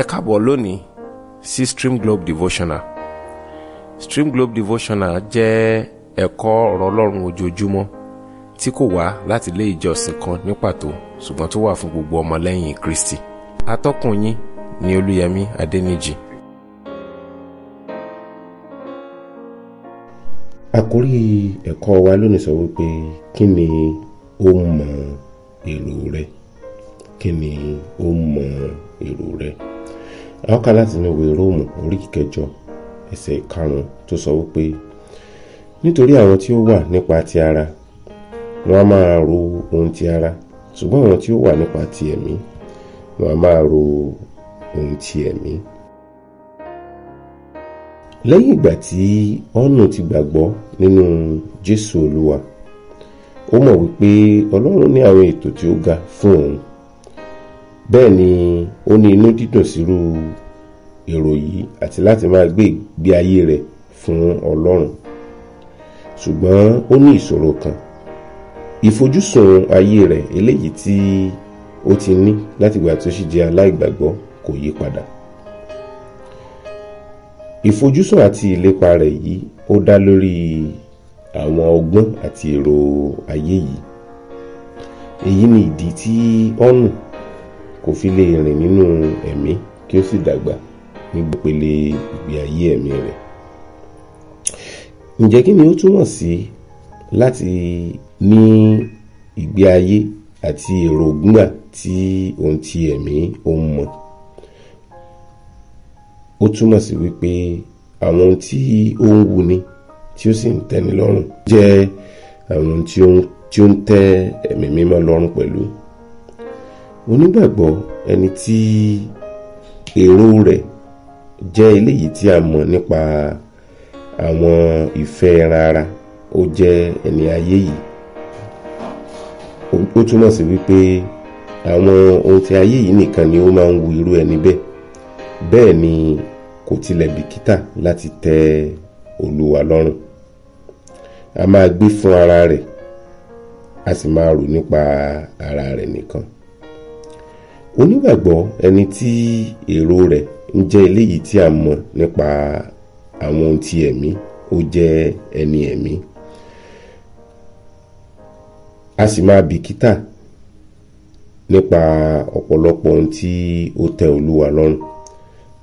ẹ káàbọ̀ lónìí sí stream globe devotional stream globe devotional jẹ́ ẹ̀kọ́ ọ̀rọ̀ ọlọ́run ojoojúmọ́ tí kò wá láti ilé ìjọsìn kan ní pàtó ṣùgbọ́n tó wà fún gbogbo ọmọlẹ́yìn kristi atọ́kùn yín ni olúyẹmí adẹ́nìjì. àkórí ẹ̀kọ́ wa lónìí sọ wípé kí ni ó mọ èrò rẹ kí ni ó mọ èrò rẹ a ó kà láti inú ìwé róòmù orí kẹjọ ẹsẹ̀ karùn-ún tó sọ wípé nítorí àwọn tí ó wà nípa ti ara wọn a máa ro ohun ti ara ṣùgbọ́n àwọn tí ó wà nípa ti ẹ̀mí wọn a máa ro ohun ti ẹ̀mí. lẹ́yìn ìgbà tí ọ́nù ti gbàgbọ́ nínú jésù olúwa ó mọ̀ wípé ọlọ́run ní àwọn ètò tí ó ga fún òun bẹ́ẹ̀ ni ó ní inú dídùn sírú èrò yìí àti láti máa gbé ìgbé ayé rẹ̀ fún ọlọ́run ṣùgbọ́n ó ní ìṣòro kan ìfojúsùn ayé rẹ̀ eléyìí tí ó ti ní látìgbà tó sì jẹ́ aláìgbàgbọ́ kò yí padà ìfojúsùn àti ìlépa rẹ̀ yìí ó dá lórí àwọn ọgbọ́n àti èrò ayé yìí èyí ni ìdí tí ọ̀nù kó fi lè rìn nínú ẹ̀mí kí ó sì dàgbà ní gbèpele ìgbé ayé ẹ̀mí rẹ̀. ǹjẹ́ kí ni ó túmọ̀ sí láti ní ìgbé ayé àti èròǹgbà tí ohun ti ẹ̀mí ó ń mọ̀? ó túmọ̀ sí wípé àwọn ohun tí ó ń wuni tí ó sì ń tẹ́ni lọ́rùn jẹ́ àwọn ohun tí ó ń tẹ́ ẹ̀mí mímọ́ lọ́rùn pẹ̀lú onígbàgbọ́ ẹni tí èrò rẹ̀ jẹ́ eléyìí tí a mọ̀ nípa àwọn ìfẹ́ ẹran ara ó jẹ́ ẹni ayé yìí ó túmọ̀ sí wípé àwọn ohun ti ayé yìí nìkan ni ó máa ń wu irú ẹni bẹ́ẹ̀ bẹ́ẹ̀ ni kò tilẹ̀ bìkítà láti tẹ olúwa lọ́rùn a máa gbé fún ara rẹ̀ a sì máa rò nípa ara rẹ̀ nìkan onígbàgbọ́ ẹni tí èrò rẹ̀ ń jẹ́ eléyìí tí a mọ̀ nípa àwọn ohun ti ẹ̀mí ó jẹ́ ẹni ẹ̀mí a sì máa bìkítà nípa ọ̀pọ̀lọpọ̀ ohun tí ó tẹ́ Olúwa lọ́rùn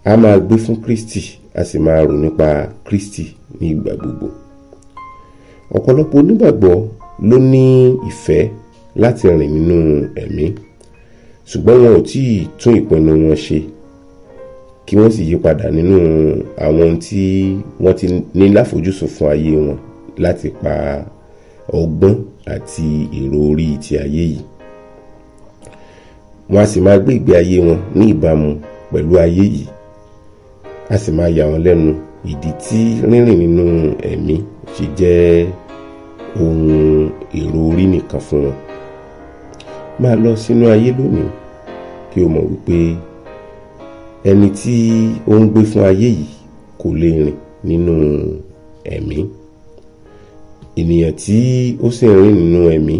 a máa gbé fún Kristi a sì máa rò nípa Kristi ní ìgbà gbogbo ọ̀pọ̀lọpọ̀ onígbàgbọ́ ló ní ìfẹ́ láti rìn nínú ẹ̀mí. E ṣùgbọ́n wọn ò tí ì tún ìpinnu wọn ṣe kí wọ́n sì yí padà nínú àwọn ohun tí wọ́n ti ní láfojúsùn fún ayé wọn láti pa ọgbọ́n àti èrò orí ti ayé yìí wọn a sì máa gbé ìgbé ayé wọn ní ìbámu pẹ̀lú ayé yìí a sì máa yà wọ́n lẹ́nu ìdí tí rírìn nínú ẹ̀mí ṣe jẹ́ ohun èrò orí nìkan fún wọn máa lọ sínú ayé lónìí kí o mọ̀ wípé ẹni tí ó ń gbé fún ayé yìí kò lè rìn nínú ẹ̀mí ènìyàn tí ó sì rìn nínú ẹ̀mí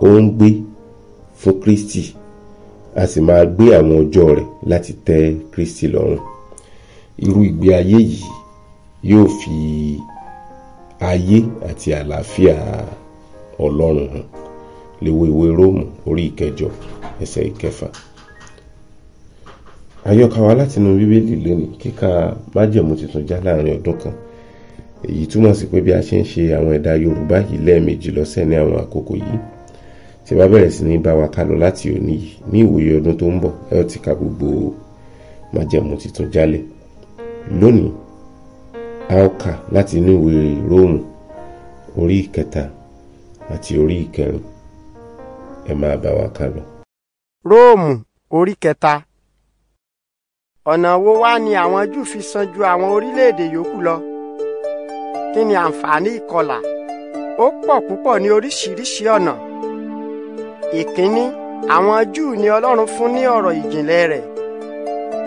ó ń gbé fún Kristi a sì máa gbé àwọn ọjọ́ rẹ̀ láti tẹ́ Kristi lọ́rùn irú ìgbé ayé yìí yóò fi ayé àti àlàáfíà Ọlọ́run hàn lè wo ìwé róòmù orí ìkẹjọ ẹsẹ̀ ìkẹfà àyọkà wa látinú bíbélì lónìí kíka májẹ̀mú tuntun já láàrin ọdún kan èyí túmọ̀ sí pé bí a ṣe ń ṣe àwọn ẹ̀dà yorùbá yìí lẹ́ẹ̀mejì lọ́sẹ̀ ní àwọn àkókò yìí tí bá bẹ̀rẹ̀ sí ní bá wa ká lọ láti òní yìí ní ìwòye ọdún tó ń bọ̀ ẹ ó ti ka gbogbo májẹ̀mú tuntun jálẹ̀ lónìí a ó kà láti inú ìwé róòmù orí ìkẹta àti orí ìkẹrin ẹ máa bá wa ká lọ. róòmù orí kẹta ọ̀nà wo wá ni àwọn júù fi sàn ju àwọn orílẹ̀-èdè yòókù lọ kí ni àǹfààní ìkọlà ó pọ̀ púpọ̀ ní oríṣiríṣi ọ̀nà ìkíní àwọn júù ni ọlọ́run fún ní ọ̀rọ̀ ìjìnlẹ̀ rẹ̀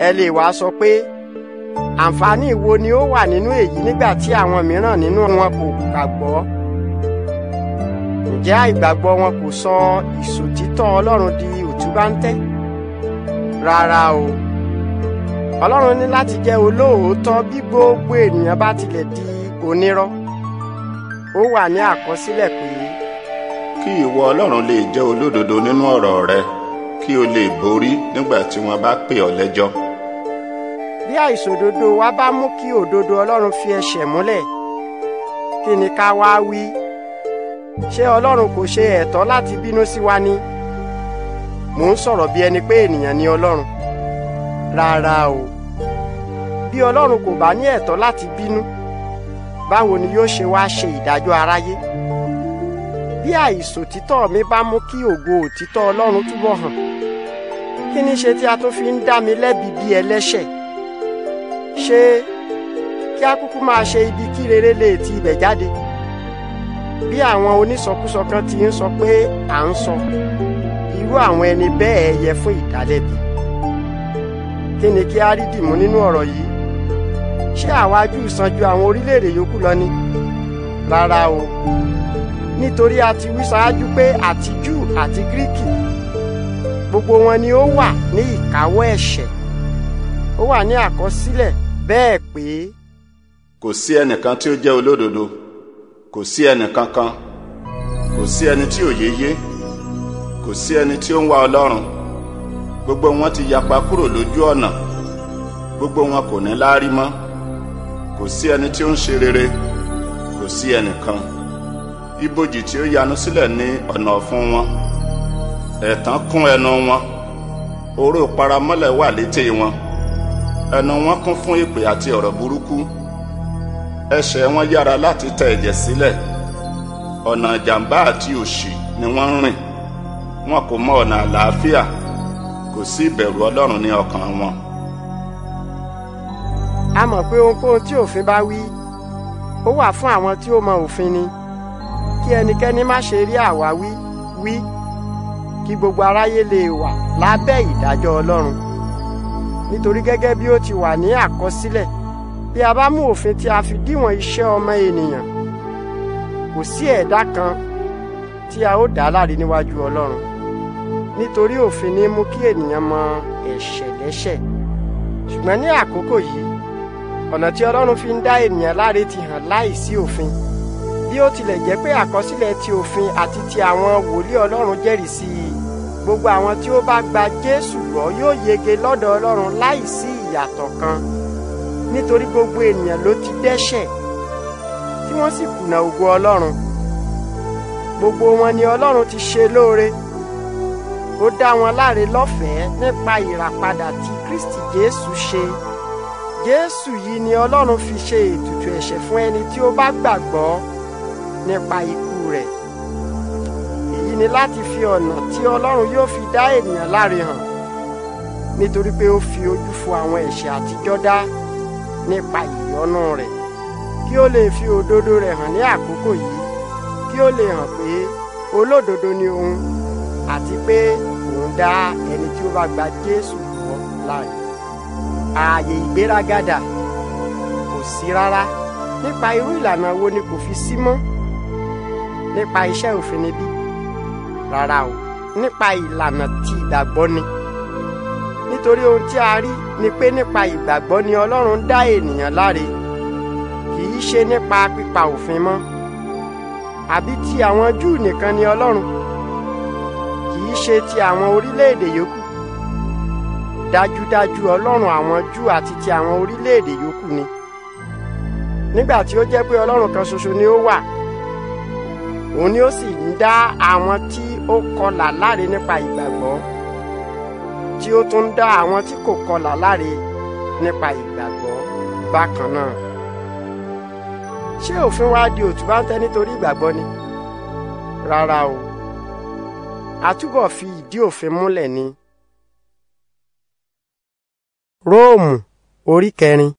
ẹ lè wá sọ pé àǹfààní wo ni ó wà nínú èyí nígbà tí àwọn mìíràn nínú wọn kò gbàgbọ́ ǹjẹ́ àìgbàgbọ́ wọn kò sọ ìṣòtítọ́ Ọlọ́run di òtúbáńtẹ́ rárá o Ọlọ́run ní láti jẹ́ olóòótọ́ bí gbogbo ènìyàn bá tilẹ̀ di onírọ́ ó wà ní àkọsílẹ̀ pé. kí ìwọ Ọlọ́run lè jẹ́ olódodo nínú ọ̀rọ̀ rẹ kí o lè borí nígbà tí wọ́n bá pè ọ́ lẹ́jọ́. bí àìṣòdodo wa bá mú kí òdodo Ọlọ́run fi ẹsẹ̀ múlẹ̀ kí ni ká wá wí ṣé ọlọ́run kò ṣe ẹ̀tọ́ láti bínú sí wa ni mò ń sọ̀rọ̀ bí ẹni pé ènìyàn ni ọlọ́run rárá o bí ọlọ́run kò bá ní ẹ̀tọ́ láti bínú báwo ni yóò ṣe wá ṣe ìdájọ́ aráyé bí àìṣòtítọ́ mi bá mú kí ògo òtítọ́ ọlọ́run túbọ̀ hàn kí ni ṣe tí a tún fi ń dá mi lẹ́bi bí ẹlẹ́ṣẹ̀ ṣé kí a kúkú máa ṣe ibi kí rere lè ti ibẹ̀ jáde bí àwọn onísọkúsọ kan ti ń sọ pé à ń sọ irú àwọn ẹni bẹ́ẹ̀ yẹ fún ìdálẹ́bi kí ni kí á rí dìmú nínú ọ̀rọ̀ yìí ṣé àwa Júù sàn àwọn orílẹ̀-èdè yòókù lọ ni rárá o nítorí a ti wí ṣáájú pé àti Júù àti Gíríkì gbogbo wọn ni ó wà ní ìkáwọ́ ẹ̀ṣẹ̀ ó wà ní àkọsílẹ̀ bẹ́ẹ̀ pé. kò sí ẹnìkan tí ó jẹ́ olódodo kò sí ẹnì kankan kò sí ẹni tí òye yé kò sí ẹni tí ó ń wá ọlọ́run gbogbo wọn ti yapa kúrò lójú ọ̀nà gbogbo wọn kò ní láárí mọ́ kò sí ẹni tí ó ń ṣe rere kò sí ẹnìkan ibojì tí ó yanu sílẹ̀ ní ọ̀nà ọ̀fun wọn ẹ̀tàn kún ẹnu wọn oró paramọ́lẹ̀ wà létí wọn ẹnu wọn kún fún èpè àti ọ̀rọ̀ burúkú ẹsẹ̀ wọn yára láti tẹ ẹ̀jẹ̀ sílẹ̀ ọ̀nà jàǹbá àti òṣì ni wọ́n ń rìn wọn kò mọ ọ̀nà àlàáfíà kò sí ìbẹ̀rù ọlọ́run ní ọkàn wọn. a mọ̀ pé ohunkóhun tí òfin bá wí ó wà fún àwọn tí ó mọ òfin ni kí ẹnikẹ́ni má ṣe rí àwáwí wí kí gbogbo aráyé lè wà lábẹ́ ìdájọ́ ọlọ́run nítorí gẹ́gẹ́ bí ó ti wà ní àkọsílẹ̀ bí a bá mú òfin tí a fi díwọ̀n iṣẹ́ ọmọ ènìyàn kò sí ẹ̀dá kan tí a ó dá láre níwájú Ọlọ́run nítorí òfin ní mú kí ènìyàn mọ ẹ̀ṣẹ̀ lẹ́ṣẹ̀ ṣùgbọ́n ní àkókò yìí ọ̀nà tí Ọlọ́run fi ń dá ènìyàn láre ti hàn láìsí òfin bí ó tilẹ̀ jẹ́ pé àkọsílẹ̀ ti òfin àti ti àwọn wòlíì Ọlọ́run jẹ́rìí sí i gbogbo àwọn tí ó bá gba Jésù gbọ́ yóò yege lọ́dọ̀ Ọlọ́run láìsí ìyàtọ̀ kan nítorí gbogbo ènìyàn ló ti dẹ́ṣẹ̀ tí wọ́n sì kùnà ògo Ọlọ́run gbogbo wọn ni Ọlọ́run ti ṣe lóore ó dá wọn láre lọ́fẹ̀ẹ́ nípa ìràpadà tí Kristi Jésù ṣe Jésù yìí ni Ọlọ́run fi ṣe ètùtù ẹ̀ṣẹ̀ fún ẹni tí ó bá gbàgbọ́ nípa ikú rẹ̀ èyí ni láti fi ọ̀nà tí Ọlọ́run yóò fi dá ènìyàn láre hàn nítorí pé ó fi ojú fo àwọn ẹ̀ṣẹ̀ àtijọ́ dá nípa ìyọ́nú rẹ̀ kí ó lè fi òdodo rẹ̀ hàn ní àkókò yìí kí ó lè hàn pé olódodo ni òun àti pé òun dá ẹni tí ó bá gba Jésù lọ láàyè ààyè ìgbéragádà kò sí rárá nípa irú ìlànà wo ni kò fi sí mọ́ nípa iṣẹ́ òfin ni rárá o nípa ìlànà tí ìgbàgbọ́ ni nítorí ohun tí a rí ni pé nípa ìgbàgbọ́ ni Ọlọ́run dá ènìyàn láre kì í ṣe nípa pípa òfin mọ́ àbí ti àwọn Júù nìkan ni Ọlọ́run kì í ṣe ti àwọn orílẹ̀-èdè yòókù dájúdájú Ọlọ́run àwọn Júù àti ti àwọn orílẹ̀-èdè yòókù ni nígbà tí ó jẹ́ pé Ọlọ́run kan ṣoṣo ni ó wà òun ni ó sì ń dá àwọn tí ó kọlà láre nípa ìgbàgbọ́ tí ó tún dá àwọn tí kò kọlà láre nípa ìgbàgbọ́ bákan náà ṣé òfin wa di òtúbá ń tẹ nítorí ìgbàgbọ́ ni rárá o àtúbọ̀ fi ìdí òfin múlẹ̀ ni. róòmù orí kẹrin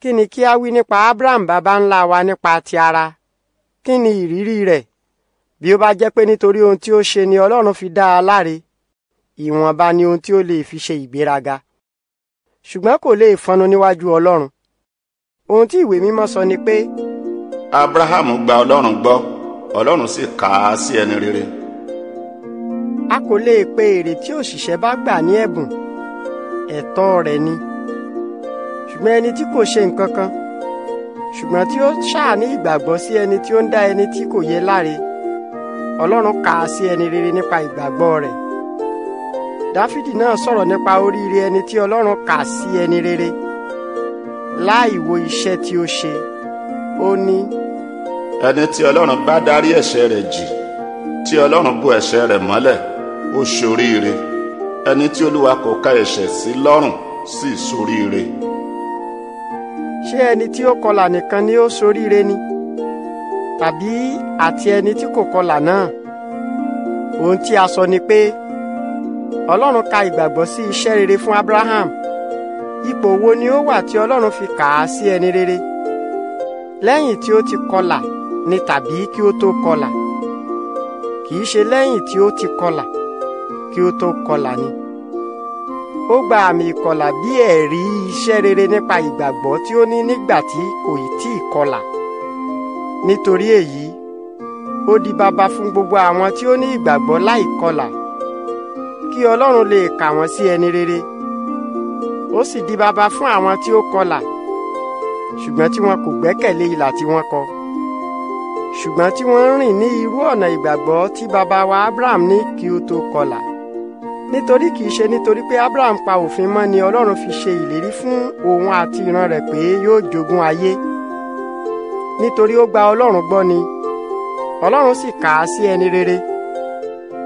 kí ni kí a wí nípa abraham bàbá ńlá wa nípa ti ara kí ni ìrírí rẹ̀ bí ó bá jẹ́ pé nítorí ohun tí ó ṣe ni ọlọ́run fi dá a láre ìwọ̀nba ni ohun tí ó lè fi ṣe ìgbéraga ṣùgbọ́n kò lè fọnu níwájú ọlọ́run ohun tí ìwé mímọ́ sọ ni pé. abraham gba ọlọ́run gbọ́ ọlọ́run sì kà á sí ẹni rere. a kò lè pe èrè tí òṣìṣẹ́ bá gbà ní ẹ̀bùn ẹ̀tọ́ rẹ̀ ni ṣùgbọ́n ẹni tí kò ṣe nǹkan kan ṣùgbọ́n tí ó ṣàní ìgbàgbọ́ sí ẹni tí ó ń dá ẹni tí kò yẹ láre ọlọ́run kà á sí ẹni rere nípa ìgbàgbọ́ rẹ̀ dáfídì náà sọ̀rọ̀ nípa oríire ẹni tí ọlọ́run kà sí ẹni rere láì wo iṣẹ́ tí ó ṣe ó ní. ẹni tí ọlọ́run bá dárí ẹ̀ṣẹ̀ rẹ̀ jì tí ọlọ́run bò ẹ̀ṣẹ̀ rẹ̀ mọ́lẹ̀ ó ṣoríire ẹni tí olúwa kò ka ẹ̀ṣẹ̀ sí lọ́rùn sì ṣoríire. ṣé ẹni tí ó kọlà nìkan ni ó ṣoríire ni tàbí àti ẹni tí kò kọlà náà ohun tí a sọ ni pé ọlọ́run ka ìgbàgbọ́ sí iṣẹ́ rere fún abraham ipò wo ni ó wà tí ọlọ́run fi kà á sí ẹni rere lẹ́yìn tí ó ti kọlà ni tàbí kí ó tó kọlà kì í ṣe lẹ́yìn tí ó ti kọlà kí ó tó kọlà ni ó gba àmì ìkọlà bí ẹ̀rí iṣẹ́ rere nípa ìgbàgbọ́ tí ó ní nígbà tí kò tí ì kọlà nítorí èyí ó di baba fún gbogbo àwọn tí ó ní ìgbàgbọ́ láìkọlà kí Ọlọ́run lè kà wọ́n sí ẹni rere ó sì di baba fún àwọn tí ó kọlà ṣùgbọ́n tí wọn kò gbẹ́kẹ̀lé ìlà tí wọ́n kọ ṣùgbọ́n tí wọ́n ń rìn ní irú ọ̀nà ìgbàgbọ́ tí baba wa Abraham ní kí ó tó kọlà nítorí kìí ṣe nítorí pé Abraham pa òfin mọ́ ni Ọlọ́run fi ṣe ìlérí fún òun àti ìran rẹ̀ pé yóò jogún ayé nítorí ó gba Ọlọ́run gbọ́ ni Ọlọ́run sì kà á sí ẹni rere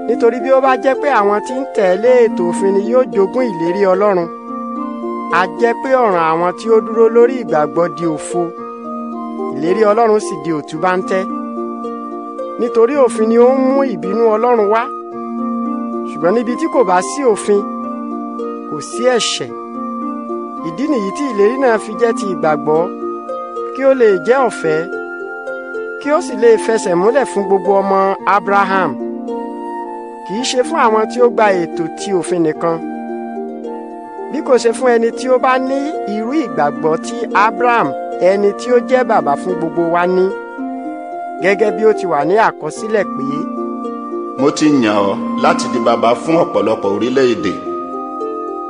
nítorí bí ó bá jẹ́ pé àwọn tí ń tẹ̀lé ètò òfin ni yóò jogún ìlérí Ọlọ́run a jẹ́ pé ọ̀ràn àwọn tí ó dúró lórí ìgbàgbọ́ di òfo ìlérí Ọlọ́run sì di òtúbáńtẹ́ nítorí òfin ni ó ń mú ìbínú Ọlọ́run wá ṣùgbọ́n níbi tí kò bá sí òfin kò sí ẹ̀ṣẹ̀ ìdí nìyí tí ìlérí náà fi jẹ́ ti ìgbàgbọ́ kí ó lè jẹ́ ọ̀fẹ́ kí ó sì lè fẹsẹ̀ múlẹ̀ fún gbogbo ọmọ Abraham kì í ṣe fún àwọn tí ó gba ètò ti òfin nìkan bí kò ṣe fún ẹni tí ó bá ní irú ìgbàgbọ́ tí Abraham ẹni tí ó jẹ́ bàbá fún gbogbo wa ní gẹ́gẹ́ bí ó ti wà ní àkọsílẹ̀ pé. mo ti yàn ọ́ láti di bàbá fún ọ̀pọ̀lọpọ̀ orílẹ̀-èdè.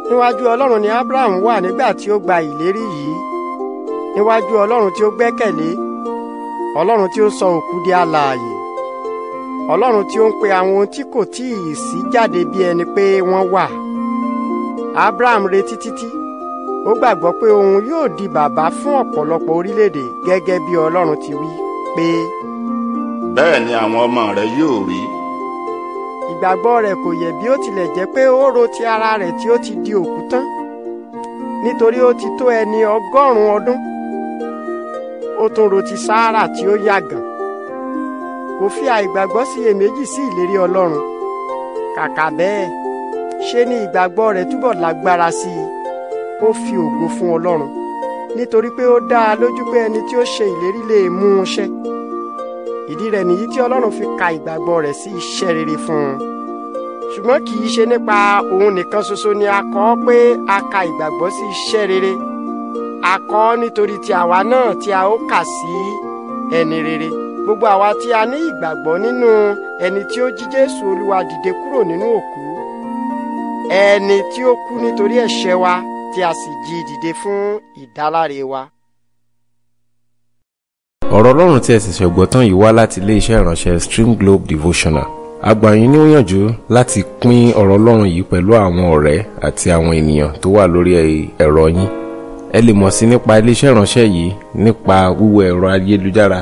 níwájú Ọlọ́run ni Abraham wà nígbà tí ó gba ìlérí yìí níwájú Ọlọ́run tí ó gbẹ́kẹ̀lé Ọlọ́run tí ó sọ òkú di alààyè ọlọ́run tí ó ń pe àwọn ohun tí kò tí ì sí jáde bí ẹni pé wọ́n wà abraham retí títí ó gbàgbọ́ pé òun yóò di bàbá fún ọ̀pọ̀lọpọ̀ orílẹ̀-èdè gẹ́gẹ́ bí ọlọ́run ti wí pé. bẹ́ẹ̀ ni àwọn ọmọ rẹ yóò rí. ìgbàgbọ́ rẹ̀ kò yẹ̀ bí ó tilẹ̀ jẹ́ pé ó ro ti ara rẹ̀ tí ó ti di òkú tán nítorí ó ti tó ẹni ọgọ́rùn-ún ọdún ó tún ro ti sáárà tí ó yàgàn kò fi àìgbàgbọ́ síyèméjì sí ìlérí Ọlọ́run kàkà bẹ́ẹ̀ ṣe ni ìgbàgbọ́ rẹ̀ túbọ̀ lágbára sí i ó fi ògo fún Ọlọ́run nítorí pé ó dá a lójú pé ẹni tí ó ṣe ìlérí lè mú un ṣẹ ìdí rẹ̀ nìyí tí Ọlọ́run fi ka ìgbàgbọ́ rẹ̀ sí iṣẹ́ rere fún un ṣùgbọ́n kì í ṣe nípa òun nìkan ṣoṣo ni a kọ pé a ka ìgbàgbọ́ sí iṣẹ́ rere a kọ nítorí ti àwa náà tí a ó kà sí ẹni rere gbogbo àwa tí a ní ìgbàgbọ́ nínú ẹni tí ó jí Jésù Olúwa dìde kúrò nínú òkú ẹni tí ó kú nítorí ẹ̀ṣẹ̀ wa tí a sì jí dìde fún ìdáláre wa. ọ̀rọ̀ ọlọ́run tí ẹ ṣẹ̀ṣẹ̀ gbọ́ tán yìí wá láti iléeṣẹ́ ìránṣẹ́ Stream Globe Devotional a gbà yín níyànjú láti pín ọ̀rọ̀ ọlọ́run yìí pẹ̀lú àwọn ọ̀rẹ́ àti àwọn ènìyàn tó wà lórí ẹ̀rọ yín ẹ lè mọ̀ sí nípa iléeṣẹ́ ìránṣẹ́ yìí nípa wíwọ ẹ̀rọ ayélujára